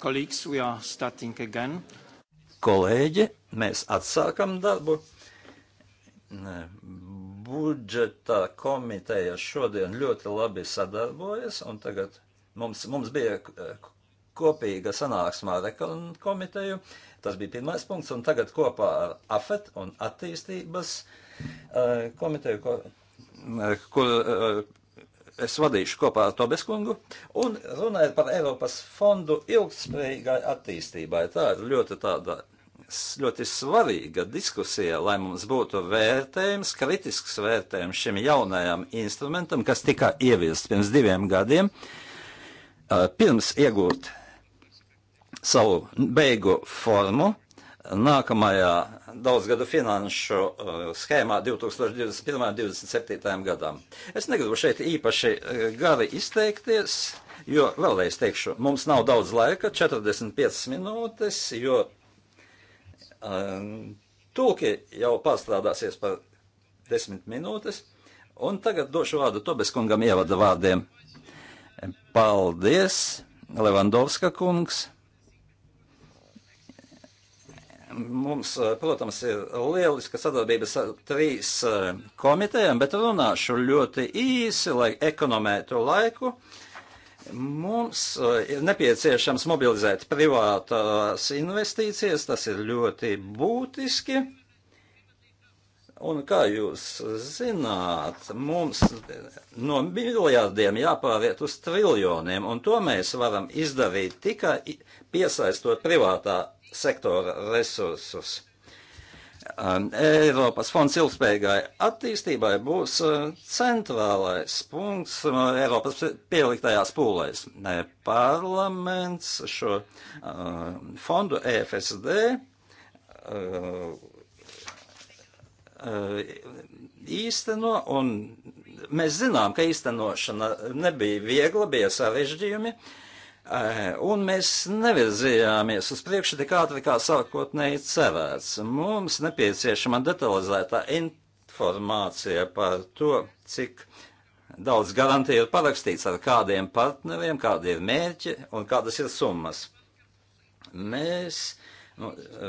Colleagues, we are starting again. Kolēģi, mēs atsākam darbu. Budžeta komiteja šodien ļoti labi sadarbojas, un tagad mums, mums bija eh, kopīga sanāksmē ar ekonomikas komiteju. Tas bija pirmais punkts, un tagad kopā ar AFET un attīstības eh, komiteju, eh, kur es vadīšu kopā ar Tobeskungu, un runājot par Eiropas fondu ilgspējīgai attīstībai. Tā ir ļoti tāda ļoti svarīga diskusija, lai mums būtu vērtējums, kritisks vērtējums šim jaunajam instrumentam, kas tika ieviests pirms diviem gadiem, pirms iegūt savu beigu formu nākamajā daudzgada finanšu uh, schēmā 2021-2027 gadam. Es negribu šeit īpaši uh, gari izteikties, jo vēlreiz teikšu, mums nav daudz laika, 45 minūtes, jo uh, tulki jau pārstrādāsies par 10 minūtes. Un tagad došu vārdu Tobeskungam ievada vārdiem. Paldies, Levandovska kungs! mums, eh, protams, ir lieliska sadarbības ar trīs eh, komitejām, bet runāšu ļoti īsi, lai ekonomētu laiku. Mums eh, ir nepieciešams mobilizēt privātās investīcijas, tas ir ļoti būtiski. Un kā jūs zināt, mums no miljardiem jāpāriet uz triljoniem, un to mēs varam izdarīt tikai piesaistot privātā sektora resursus. Um, Eiropas fonds ilgspējīgai attīstībai būs uh, centrālais punkts uh, Eiropas pieliktajās pūlēs. Ne, parlaments šo uh, fondu EFSD Uh, īsteno, un mēs zinām, ka īstenošana nebija viegla, bija sarežģījumi, uh, un mēs nevirzījāmies uz priekšu tik ātri, kā sākotnēji cerēts. Mums nepieciešama detalizētā informācija par to, cik daudz garantija ir parakstīts ar kādiem partneriem, kādi ir mērķi un kādas ir summas. Mēs uh, nu, e,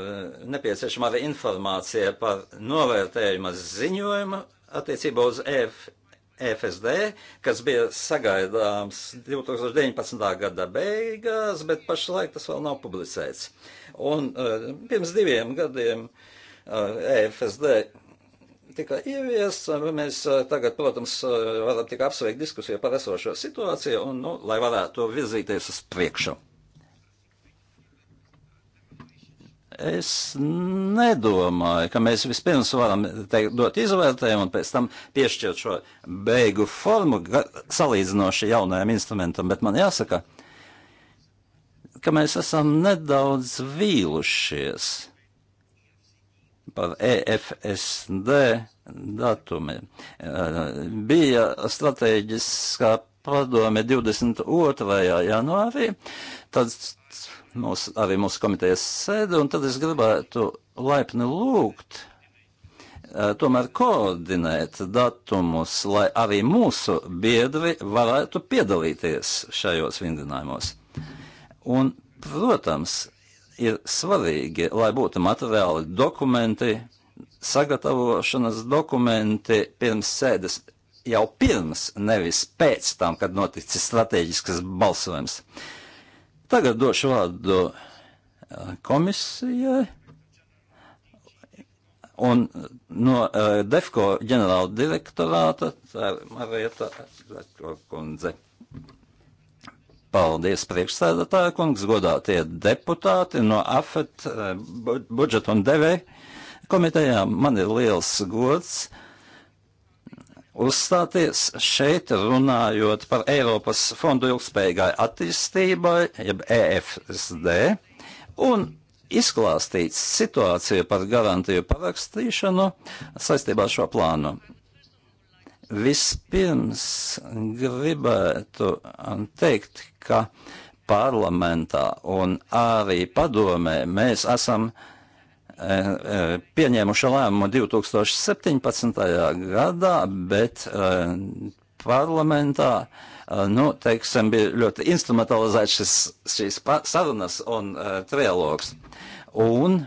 nepieciešama arī informācija par novērtējuma ziņojumu attiecībā uz EF, FSD, kas bija sagaidāms 2019. gada beigās, bet pašlaik tas vēl nav publicēts. Un uh, pirms diviem gadiem uh, e, EFSD tika ieviests, mēs uh, tagad, protams, varam tikai apsveikt diskusiju par esošo situāciju, un, nu, lai varētu virzīties uz priekšu. Es nedomāju, ka mēs vispirms varam teikt, dot izvērtējumu un pēc tam piešķirt šo beigu formu salīdzinoši jaunajam instrumentam, bet man jāsaka, ka mēs esam nedaudz vīlušies par EFSD datumiem. Bija stratēģiskā padome 22. janvārī, tad mūsu, arī mūsu komitejas sēdi, un tad es gribētu laipni lūgt eh, tomēr koordinēt datumus, lai arī mūsu biedri varētu piedalīties šajos vindinājumos. Un, protams, ir svarīgi, lai būtu materiāli dokumenti, sagatavošanas dokumenti pirms sēdes jau pirms, nevis pēc tam, kad noticis strateģiskas balsojums. Uh, Tagad došu vārdu eh, komisijai. Un no uh, DEFCO ģenerāla direktorāta tā ir Marieta Zetko kundze. Paldies, priekšsēdētāja kungs, godātie deputāti no AFET uh, budžeta un devēja komitejām. Man ir liels gods uh, uzstāties šeit runājot par Eiropas fondu ilgspējīgai attīstībai, jeb EFSD, un izklāstīt situāciju par garantiju parakstīšanu saistībā ar šo plānu. Vispirms gribētu teikt, ka parlamentā un arī padomē mēs esam uh, pieņēmuša lēmumu 2017. gadā, bet e, parlamentā, e, nu, teiksim, bija ļoti instrumentalizēts šis, šīs sarunas un e, trialogs. Un,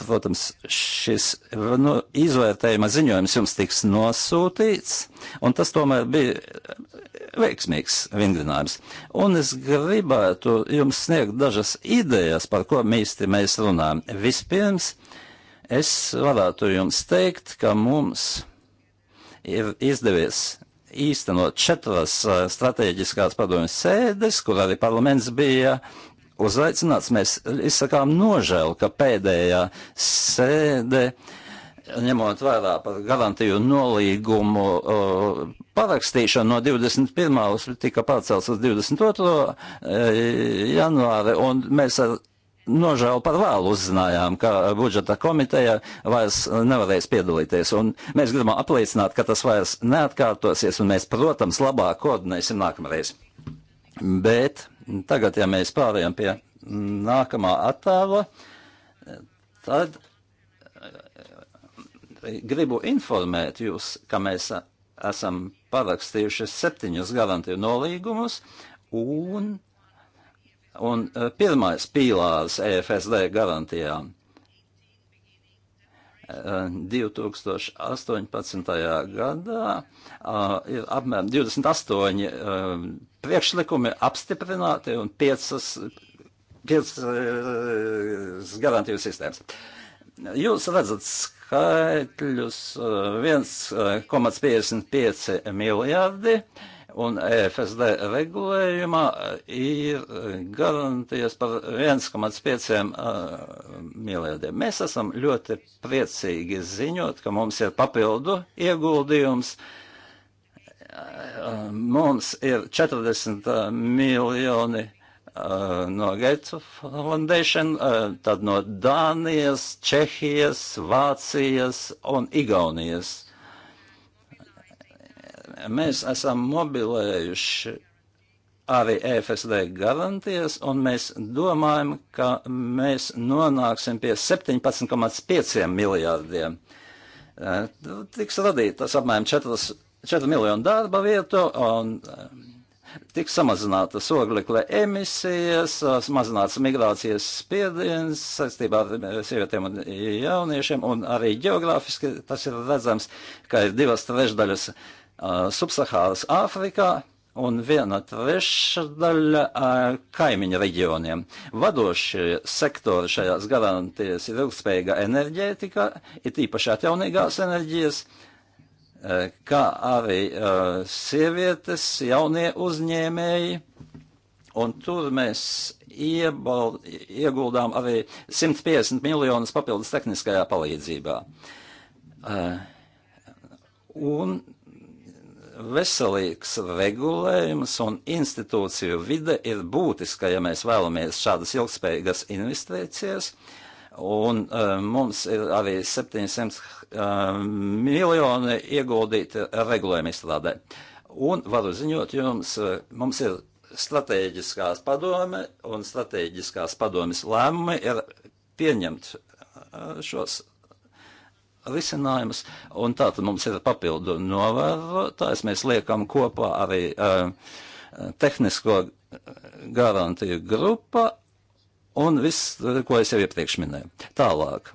protams, šis nu, izvērtējuma ziņojums jums tiks nosūtīts, un tas tomēr bija veiksmīgs vingrinājums. Un es gribētu jums sniegt dažas idejas, par ko mīsti mēs runājam. Vispirms, es varētu jums teikt, ka mums ir izdevies īstenot četras uh, strateģiskās padomjas sēdes, kur arī parlaments bija uzaicināts. Mēs izsakām nožēlu, ka pēdējā sēde uh, ņemot vērā par garantiju nolīgumu uh, parakstīšanu no 21. tika pārcelts uz 22. Uh, janvāri, un mēs ar nožēlu par vēlu uzzinājām, ka budžeta komiteja vairs nevarēs piedalīties. Un mēs gribam apliecināt, ka tas vairs neatkārtosies, un mēs, protams, labāk koordinēsim nākamreiz. Bet tagad, ja mēs pārējām pie nākamā attēla, tad gribu informēt jūs, ka mēs esam parakstījuši septiņus garantiju nolīgumus, un, un e, pirmais pīlārs EFSD garantijām 2018. gadā ir apmēram 28 e, priekšlikumi apstiprināti un 5, 5 e, garantiju sistēmas. Jūs redzat, skaitļus 1,55 eh, eh, miljardi un e FSD regulējumā eh, ir garantijas par 1,5 miljardiem. Mēs esam ļoti priecīgi ziņot, ka mums ir papildu ieguldījums. Mums ir 40 miljoni Eh, no Gates Foundation, eh, tad no Dānijas, Čehijas, Vācijas un Igaunijas. Mēs esam mobilējuši arī EFSD garantijas, un mēs domājam, ka mēs nonāksim pie 17,5 miljārdiem. Eh, tiks radītas apmēram 4, 4 miljonu darba vietu, un tiks samazinātas oglekļa emisijas, samazināts migrācijas spiediens saistībā ar sievietēm un jauniešiem, un arī geogrāfiski tas ir redzams, ka ir divas trešdaļas uh, subsahāras Āfrikā un viena trešdaļa uh, kaimiņa reģioniem. Vadošie sektori šajās garantijas ir ilgspējīga enerģētika, ir tīpaši atjaunīgās enerģijas. Uh, kā arī uh, sievietes, jaunie uzņēmēji, un tur mēs iebal, ieguldām arī 150 miljonus papildus tehniskajā palīdzībā. Uh, un veselīgs regulējums un institūciju vide ir būtiska, ja mēs vēlamies šādas ilgspējīgas investīcijas. Uh, Un uh, mums ir arī 700 uh, e, miljoni ieguldīti regulējuma izstrādē. Un varu ziņot jums, uh, mums ir stratēģiskās padome un stratēģiskās padomes lēmumi ir pieņemt šos risinājumus. Un tātad mums ir papildu novērotājs. Mēs liekam kopā arī uh, tehnisko garantiju grupa un viss, ko es jau iepriekš minēju. Tālāk.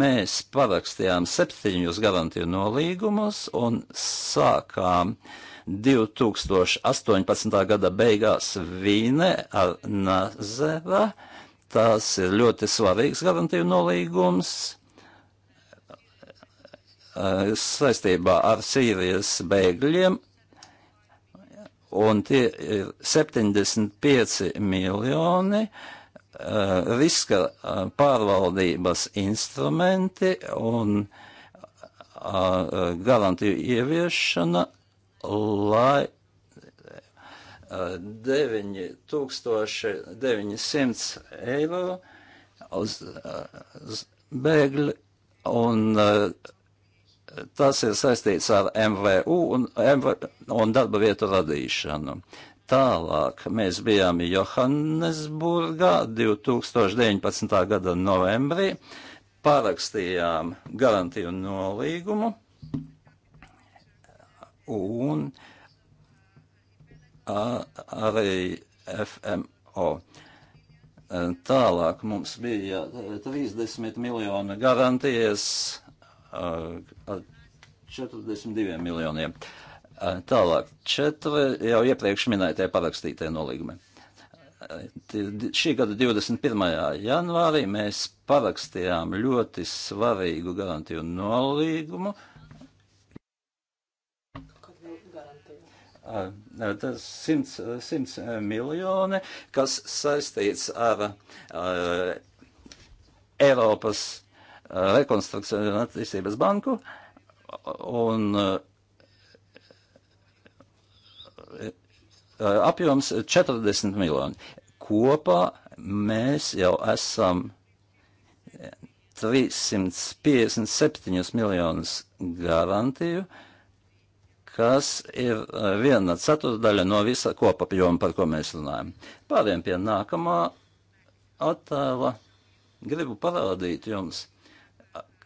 Mēs parakstījām septiņus garantiju nolīgumus un sākām 2018. gada beigās Vīne ar Nazera. Tas ir ļoti svarīgs garantiju nolīgums eh, saistībā ar Sīrijas bēgļiem, un tie ir 75 miljoni Eh, riska eh, pārvaldības instrumenti un eh, garantiju ieviešana, lai 9900 eiro uz, uz bēgļu un tas ir saistīts ar MVU un, un darba vietu radīšanu. Tālāk mēs bijām Johannesburgā 2019. gada novembrī, parakstījām garantiju nolīgumu un arī FMO. Tālāk mums bija 30 miljonu garantijas ar 42 miljoniem. Uh, Tālāk, četri jau iepriekš minētie parakstītie nolīgumi. Šī gada 21. janvārī mēs parakstījām ļoti svarīgu garantiju nolīgumu. Tas simts, simts miljoni, kas saistīts ar, ar Eiropas rekonstrukcijas un attīstības banku un uh, Eh, apjoms 40 miljoni. Kopā mēs jau esam 357 eh, miljonus garantiju, kas ir eh, viena ceturdaļa no visa kopapjoma, par ko mēs runājam. Pāriem pie nākamā attēla gribu parādīt jums,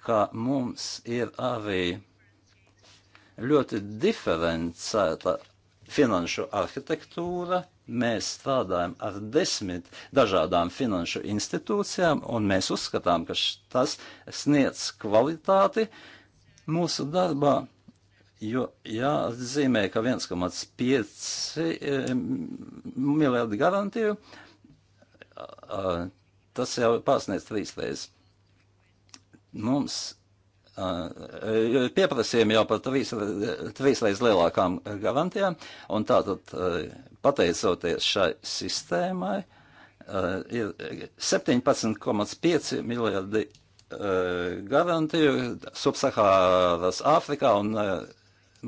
ka mums ir arī ļoti diferencēta finanšu arhitektūra. Mēs strādājam ar desmit dažādām finanšu institūcijām, un mēs uzskatām, ka tas sniedz kvalitāti mūsu darbā, jo jāatzīmē, ka 1,5 e, miljardi garantiju, tas jau pārsniedz trīs reizes. Mums pieprasījumi jau par trīs, trīsreiz lielākām garantijām, un tātad pateicoties šai sistēmai ir 17,5 miljardi garantiju subsahāras Āfrikā un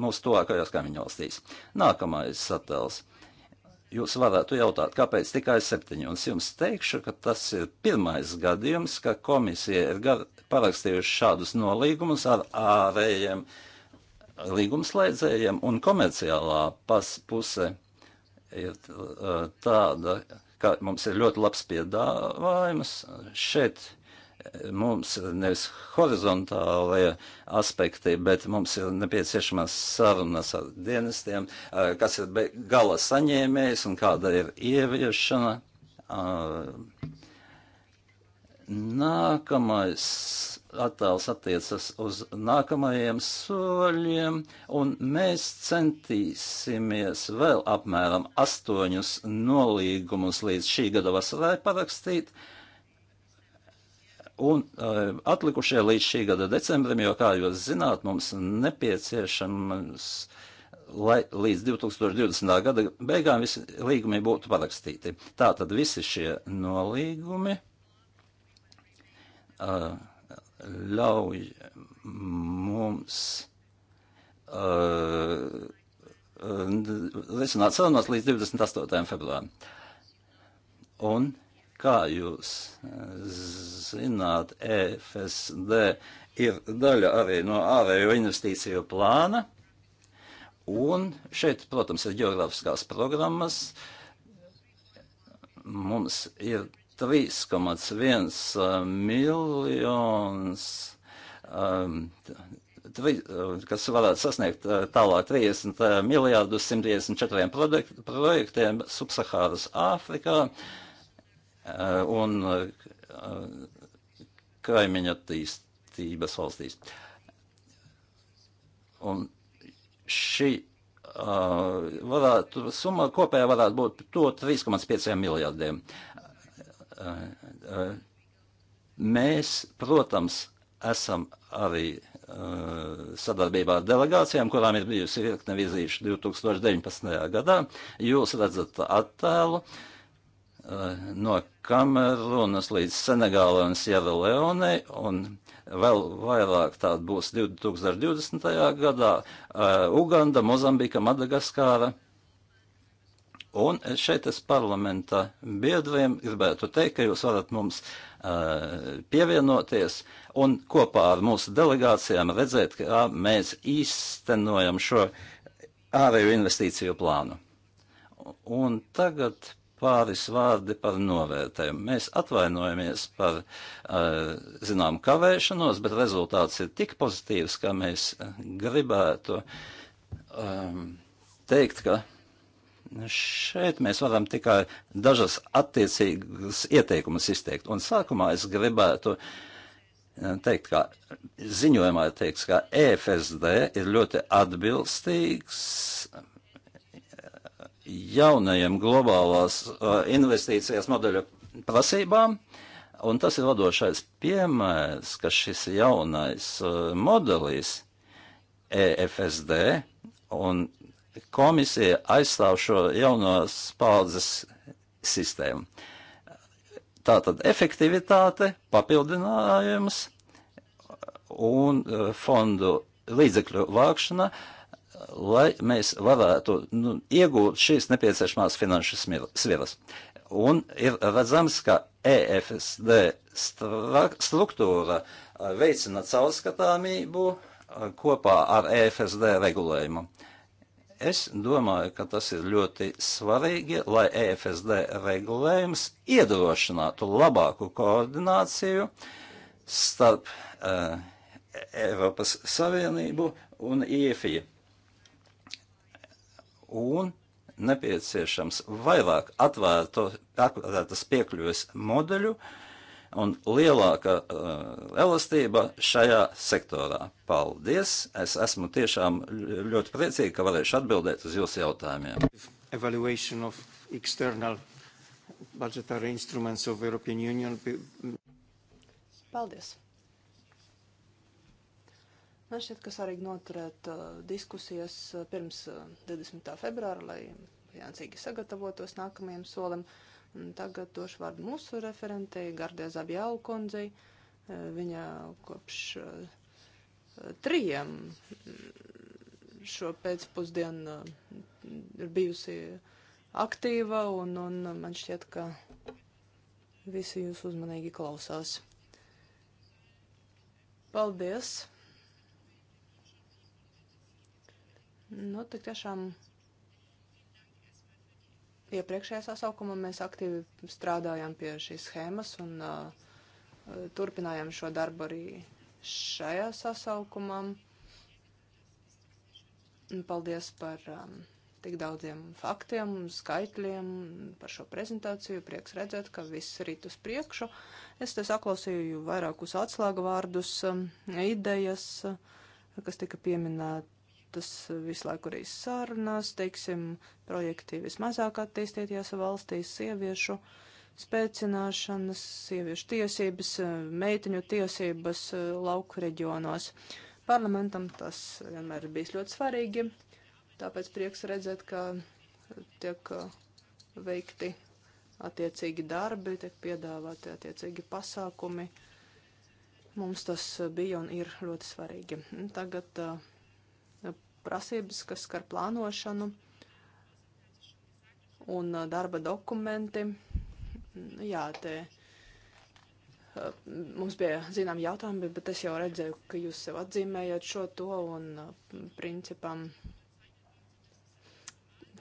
mūsu tuvākajās kaimiņvalstīs. Nākamais satels. Jūs varētu jautāt, kāpēc tikai septiņi, un es jums teikšu, ka tas ir pirmais gadījums, ka komisija ir gar, parakstījuši šādus nolīgumus ar ārējiem līgumslēdzējiem, un komerciālā pas, puse ir uh, tāda, ka mums ir ļoti labs piedāvājums. Šeit mums nevis horizontālie aspekti, bet mums ir nepieciešamas sarunas ar dienestiem, eh, kas ir gala saņēmējs un kāda ir ieviešana. Eh, nākamais attēls attiecas uz nākamajiem soļiem, un mēs centīsimies vēl apmēram astoņus nolīgumus līdz šī gada vasarai parakstīt. Uh, un uh, atlikušie līdz šī gada decembrim, jo, kā jūs zināt, mums nepieciešams, lai līdz 2020. gada beigām visi līgumi būtu parakstīti. Tātad visi šie nolīgumi uh, ļauj mums uh, risināt sarunas līdz 28. februārim. Un uh, Kā jūs eh, zināt, EFSD ir daļa arī no ārējo investīciju plāna, un šeit, protams, ir geogrāfiskās programmas. Mums ir 3,1 eh, miljons, um, tri, eh, kas varētu sasniegt tālāk 30 miljārdus 154 projektiem Subsaharas Āfrikā. Uh, Uh, un uh, kaimiņa attīstības valstīs. Un šī uh, varētu, summa kopējā varētu būt to 3,5 miljardiem. Mēs, protams, esam arī sadarbībā ar delegācijām, kurām ir bijusi virkne vizīšu 2019. gadā. Jūs redzat attēlu. Uh, no Kamerunas līdz Senegālai un Sieraleonei, un vēl vairāk tādu būs 2020. gadā - Uganda, Mozambika, Madagaskāra. Un šeit es parlamenta biedriem gribētu teikt, ka jūs varat mums uh, pievienoties un kopā ar mūsu delegācijām redzēt, kā mēs īstenojam šo ārēju investīciju plānu. Un tagad pāris vārdi par novērtējumu. Mēs atvainojamies par, eh, zinām, kavēšanos, bet rezultāts ir tik pozitīvs, ka mēs eh, gribētu um, teikt, ka šeit mēs varam tikai dažas attiecīgas ieteikumus izteikt. Un sākumā es gribētu eh, teikt, ka ziņojumā ir teikts, ka EFSD ir ļoti atbilstīgs jaunajiem globālās uh, investīcijas modeļa prasībām, un tas ir vadošais piemērs, ka šis jaunais uh, modelis EFSD un komisija aizstāv šo jaunās paudzes sistēmu. Tātad efektivitāte, papildinājums un uh, fondu līdzekļu vākšana uh, lai mēs varētu nu, iegūt šīs nepieciešamās finanšu sviras. Un ir redzams, ka EFSD struktūra veicina caurskatāmību kopā ar EFSD regulējumu. Es domāju, ka tas ir ļoti svarīgi, lai EFSD regulējums iedrošinātu labāku koordināciju starp uh, Eiropas Savienību un IFI un nepieciešams vairāk atvērto, atvērtas piekļuves modeļu un lielāka uh, elastība šajā sektorā. Paldies! Es esmu tiešām ļoti priecīgi, ka varēšu atbildēt uz jūsu jautājumiem. Evaluation of external budgetary instruments of European Union. Paldies! Man šķiet, ka svarīgi noturēt uh, diskusijas uh, pirms uh, 20. februāra, lai pienācīgi sagatavotos nākamajam solim. Un tagad došu vārdu mūsu referentei Gardē Zabjālu kundzei. Uh, viņa kopš uh, trijiem mm, šo pēcpusdienu uh, ir bijusi aktīva, un, un man šķiet, ka visi jūs uzmanīgi klausās. Paldies! Nu, tik tiešām iepriekšējā sasaukumā mēs aktīvi strādājām pie šīs schēmas un uh, turpinājām šo darbu arī šajā sasaukumā. Paldies par um, tik daudziem faktiem, skaitļiem, par šo prezentāciju. Prieks redzēt, ka viss rīt uz priekšu. Es te saklausīju vairākus atslēgu vārdus, um, idejas, uh, kas tika pieminēt tas visu laiku arī sarunās, teiksim, projekti vismazāk attīstītajās valstīs, sieviešu spēcināšanas, sieviešu tiesības, meitiņu tiesības eh, lauku reģionos. Parlamentam tas vienmēr ir bijis ļoti svarīgi, tāpēc prieks redzēt, ka tiek eh, veikti attiecīgi darbi, tiek piedāvāti attiecīgi pasākumi. Mums tas bija un ir ļoti svarīgi. Tagad uh, prasības, kas skar plānošanu un uh, darba dokumenti. Nu, jā, te uh, mums bija zinām jautājumi, bet es jau redzēju, ka jūs sev atzīmējat šo to un uh, principam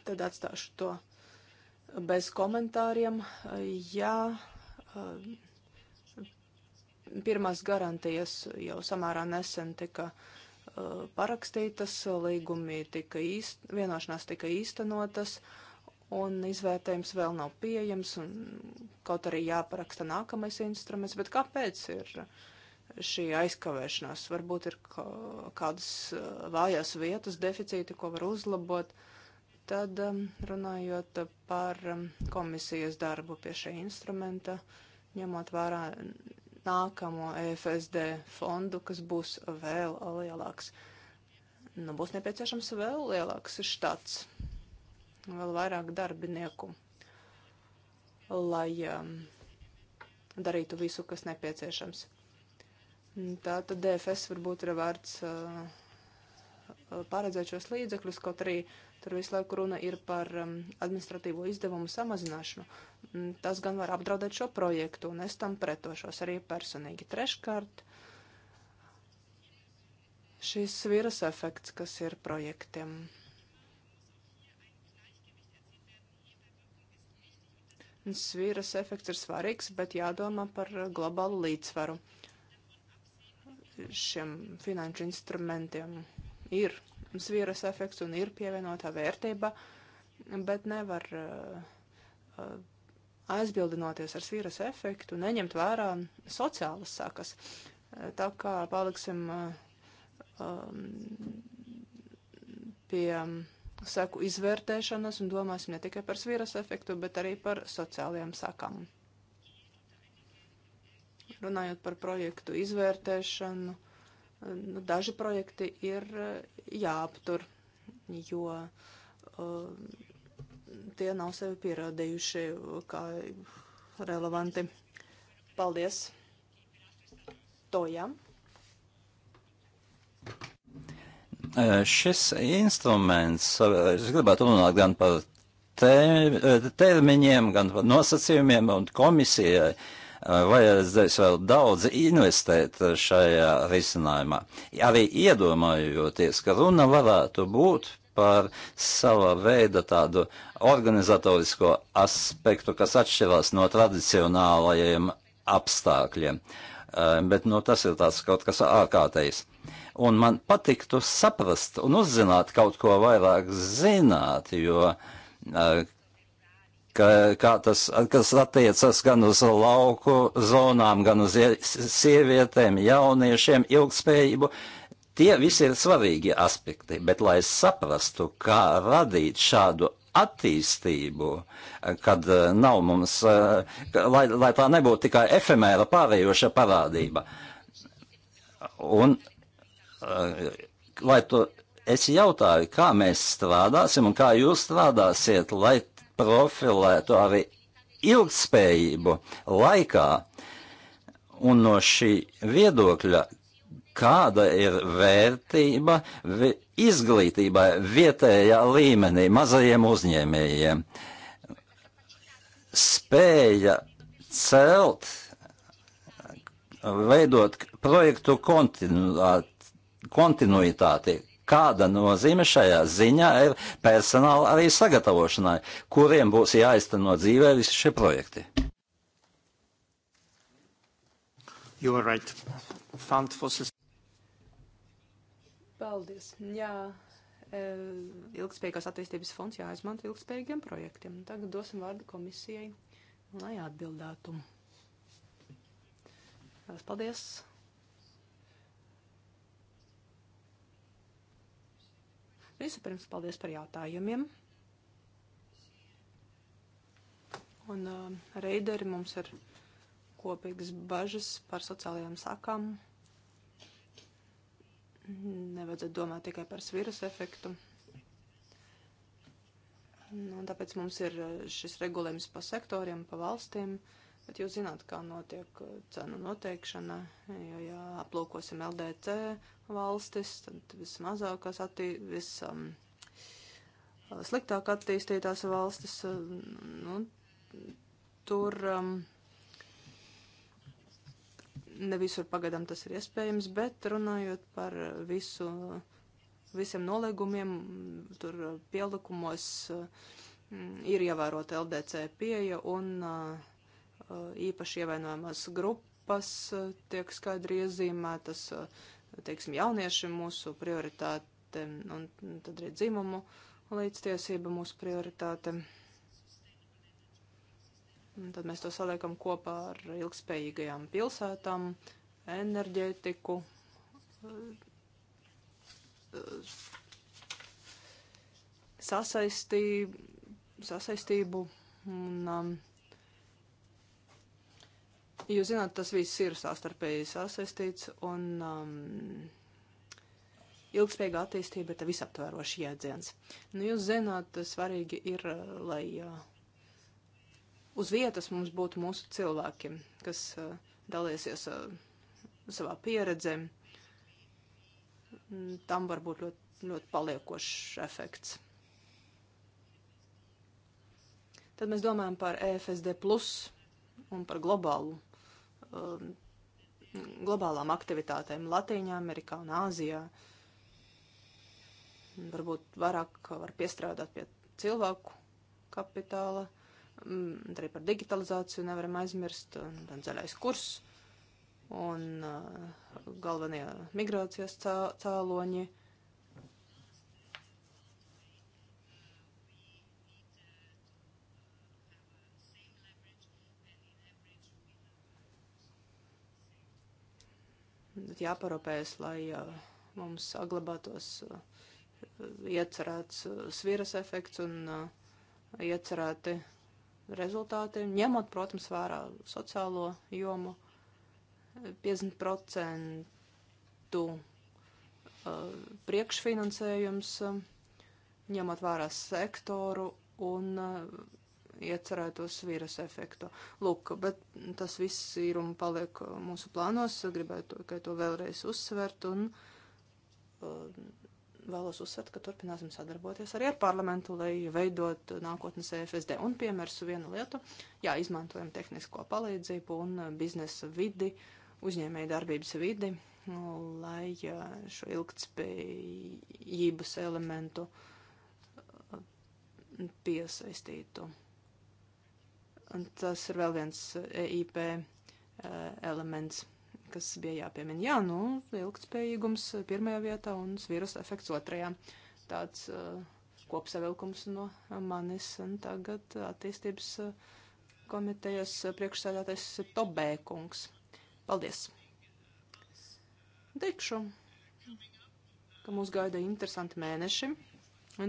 tad atstāšu to bez komentāriem. Jā, pirmās garantijas jau samērā nesen tika. Uh, parakstītas, līgumi tika īst, vienošanās tika īstenotas, un izvērtējums vēl nav pieejams, un kaut arī jāparaksta nākamais instruments, bet kāpēc ir šī aizkavēšanās? Varbūt ir kādas vājās vietas deficīti, ko var uzlabot. Tad runājot par komisijas darbu pie šī instrumenta, ņemot vērā nākamo EFSD fondu, kas būs vēl lielāks. Nu, būs nepieciešams vēl lielāks štats, vēl vairāk darbinieku, lai um, darītu visu, kas nepieciešams. Tā tad DFS e varbūt ir vērts uh, uh, paredzēt šos līdzekļus, kaut arī uh, Tur visu laiku runa ir par um, administratīvo izdevumu samazināšanu. Mm, tas gan var apdraudēt šo projektu, un es tam pretošos arī personīgi. Treškārt, šis vīrus efekts, kas ir projektiem. Svīras efekts ir svarīgs, bet jādomā par globālu līdzsvaru šiem finanšu instrumentiem ir svīras efekts un ir pievienotā vērtība, bet nevar uh, uh aizbildinoties ar svīras efektu, neņemt vērā sociālas sakas. Uh, tā kā paliksim uh, um, pie um, seku izvērtēšanas un domāsim ne tikai par svīras efektu, bet arī par sociālajām sakām. Runājot par projektu izvērtēšanu, uh, nu, daži projekti ir eh, jāaptur, jo uh, tie nav sevi pierādījuši kā relevanti. Paldies! Tojam! Eh, šis instruments, es gribētu runāt gan par termiņiem, gan par nosacījumiem un komisijai. Uh, vajadzēs vēl daudz investēt šajā risinājumā. Arī iedomājoties, ka runa varētu būt par sava veida tādu organizatorisko aspektu, kas atšķirās no tradicionālajiem apstākļiem. Bet nu, tas ir tāds kaut kas ārkārtējs. Un man patiktu saprast un uzzināt kaut ko vairāk zināt, jo ka, kā tas, kas attiecas gan uz lauku zonām, gan uz sievietēm, jauniešiem, ilgspējību. Tie visi ir svarīgi aspekti, bet lai saprastu, kā radīt šādu attīstību, kad eh, nav mums, eh, lai, lai tā nebūtu tikai efemēra pārējoša parādība. Un, eh, lai to, es jautāju, kā mēs strādāsim un kā jūs strādāsiet, lai profilētu arī ilgspējību laikā. Un no šī viedokļa, kāda ir vērtība vi izglītībai vietējā līmenī mazajiem uzņēmējiem, spēja celt, veidot projektu kontinuitāti, kāda nozīme šajā ziņā ir personāla arī sagatavošanai, kuriem būs jāizteno dzīvē visi šie projekti. You are right. Fund for Paldies. Jā, e, ilgspējīgās attīstības fonds jāizmanto ilgspējīgiem projektiem. Tagad dosim vārdu komisijai, lai atbildētu. Paldies. Vispirms paldies par jautājumiem. Un uh, reideri mums ir kopīgas bažas par sociālajām sakām. Nevajadzētu domāt tikai par svīras efektu. Nu, tāpēc mums ir uh, šis regulējums pa sektoriem, pa valstīm. Uh, Bet jūs zināt, kā notiek uh, cenu noteikšana, jo, ja aplūkosim LDC valstis, tad vismazākās attī, visam um, uh, sliktāk attīstītās valstis, uh, nu, tur um, ne visur pagadam tas ir iespējams, bet runājot par visu, visiem nolēgumiem, tur pielikumos ir ievērota LDC pieeja un uh, Eh, īpaši ievainojamās grupas eh, tiek skaidri iezīmētas, eh, teiksim, jaunieši mūsu prioritāte un tad arī dzimumu līdztiesība mūsu prioritāte. Un tad mēs to saliekam kopā ar ilgspējīgajām pilsētām, enerģētiku, sasaistību, sasaistību un um, Jūs zināt, tas viss ir sastarpēji sasaistīts un um, ilgspējīga attīstība ir visaptvērošs jēdziens. Nu, jūs zināt, svarīgi ir, uh, lai uh, uz vietas mums būtu mūsu cilvēki, kas uh, dalīsies uh, savā pieredzē. Mm, tam var būt ļoti, ļoti paliekošs efekts. Tad mēs domājam par EFSD plus un par globālu um, globālām aktivitātēm Latīņā, Amerikā un Āzijā. Varbūt vairāk var piestrādāt pie cilvēku kapitāla, mm, arī par digitalizāciju nevaram aizmirst, un zaļais kurs, un uh, galvenie migrācijas cā, cāloņi. bet jāparūpējas, lai mums saglabātos iecerēts sviras efekts un iecerēti rezultāti, ņemot, protams, vērā sociālo jomu 50% priekšfinansējums, ņemot vērā sektoru un iecerētos vīrusu efektu. Lūk, bet tas viss ir un paliek uh, mūsu plānos. Gribētu tikai to vēlreiz uzsvert un uh, vēlos uzsvert, ka turpināsim sadarboties arī ar parlamentu, lai veidot nākotnes EFSD. Un piemērs vienu lietu, jā, izmantojam tehnisko palīdzību un uh, biznesa vidi, uzņēmēja darbības vidi, nu, lai uh, šo ilgtspējības elementu piesaistītu. Un tas ir vēl viens EIP eh, e eh, elements, kas bija jāpiemina. Jā, nu, ilgtspējīgums pirmajā vietā un vīrus efekts otrajā. Tāds eh, kopsavilkums no manis. Un tagad attīstības komitejas priekšsēdētais Tobē kungs. Paldies! Teikšu, ka mūs gaida interesanti mēneši,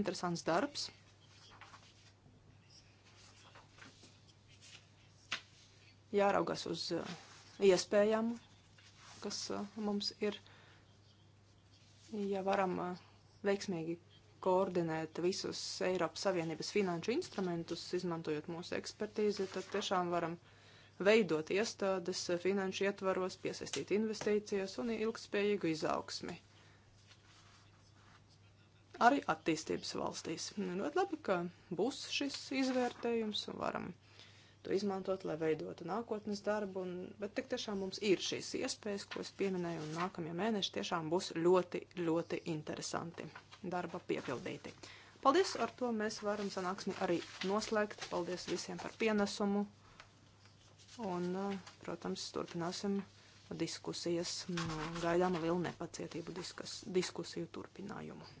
interesants darbs. jāraugas uz uh, iespējām, kas uh, mums ir, ja varam uh, veiksmīgi koordinēt visus Eiropas Savienības finanšu instrumentus, izmantojot mūsu ekspertīzi, tad tiešām varam veidot iestādes finanšu ietvaros, piesaistīt investīcijas un ilgspējīgu izaugsmi. Arī attīstības valstīs. Ļoti labi, ka būs šis izvērtējums un varam to izmantot, lai veidotu nākotnes darbu. Un, bet tik tiešām mums ir šīs iespējas, ko es pieminēju, un nākamie mēneši tiešām būs ļoti, ļoti interesanti darba piepildīti. Paldies, ar to mēs varam sanāksmi arī noslēgt. Paldies visiem par pienesumu. Un, eh, protams, turpināsim diskusijas. Mm, gaidām ar lielu nepacietību diskus, diskusiju turpinājumu.